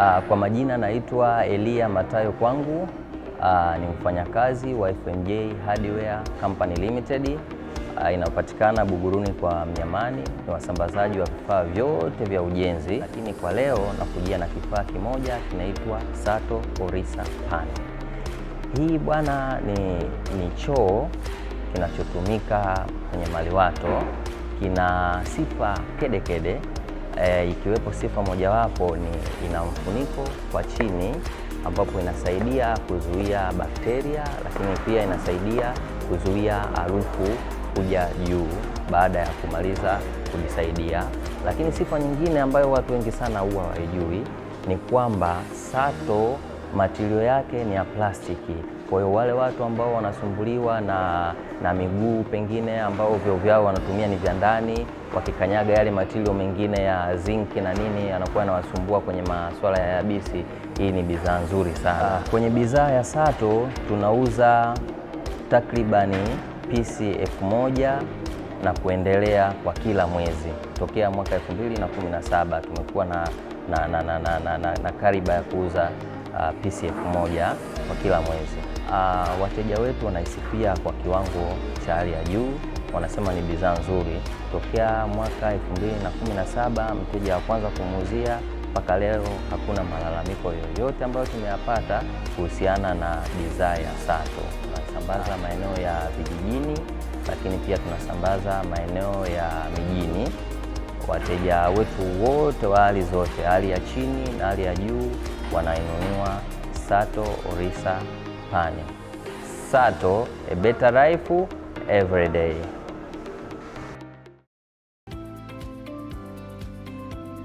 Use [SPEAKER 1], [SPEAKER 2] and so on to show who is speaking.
[SPEAKER 1] Uh, kwa majina naitwa Elia Matayo Kwangu. Uh, ni mfanyakazi wa FMJ Hardware Company Limited. Uh, inapatikana Buguruni kwa Mnyamani. Ni wasambazaji wa vifaa vyote vya ujenzi, lakini kwa leo nakujia na kifaa kimoja kinaitwa Sato Orisa Pan. Hii bwana ni, ni choo kinachotumika kwenye maliwato, kina sifa kedekede kede e, ikiwepo sifa mojawapo ni ina mfuniko kwa chini ambapo inasaidia kuzuia bakteria, lakini pia inasaidia kuzuia harufu kuja juu baada ya kumaliza kujisaidia. Lakini sifa nyingine ambayo watu wengi sana huwa waijui ni kwamba sato matilio yake ni ya plastiki. Kwa hiyo wale watu ambao wanasumbuliwa na, na miguu pengine ambao vyoo vyao wanatumia ni vya ndani, wakikanyaga yale matilio mengine ya zinki na nini, anakuwa anawasumbua kwenye masuala ya yabisi. Hii ni bidhaa nzuri sana. Ah. Kwenye bidhaa ya Sato tunauza takribani pisi elfu moja na kuendelea kwa kila mwezi. Tokea mwaka 2017 tumekuwa na, na, na, na, na, na, na kariba ya kuuza uh, ah, pisi elfu moja kwa kila mwezi. Uh, wateja wetu wanaisifia kwa kiwango cha hali ya juu, wanasema ni bidhaa nzuri. Tokea mwaka 2017 mteja wa kwanza kumuuzia mpaka leo hakuna malalamiko yoyote ambayo tumeyapata kuhusiana na bidhaa ya Sato. Tunasambaza maeneo ya vijijini, lakini pia tunasambaza maeneo ya mijini. Wateja wetu wote wa hali zote, hali ya chini na hali ya juu, wanainunua Sato Orisa Japani. Sato, a better life every day.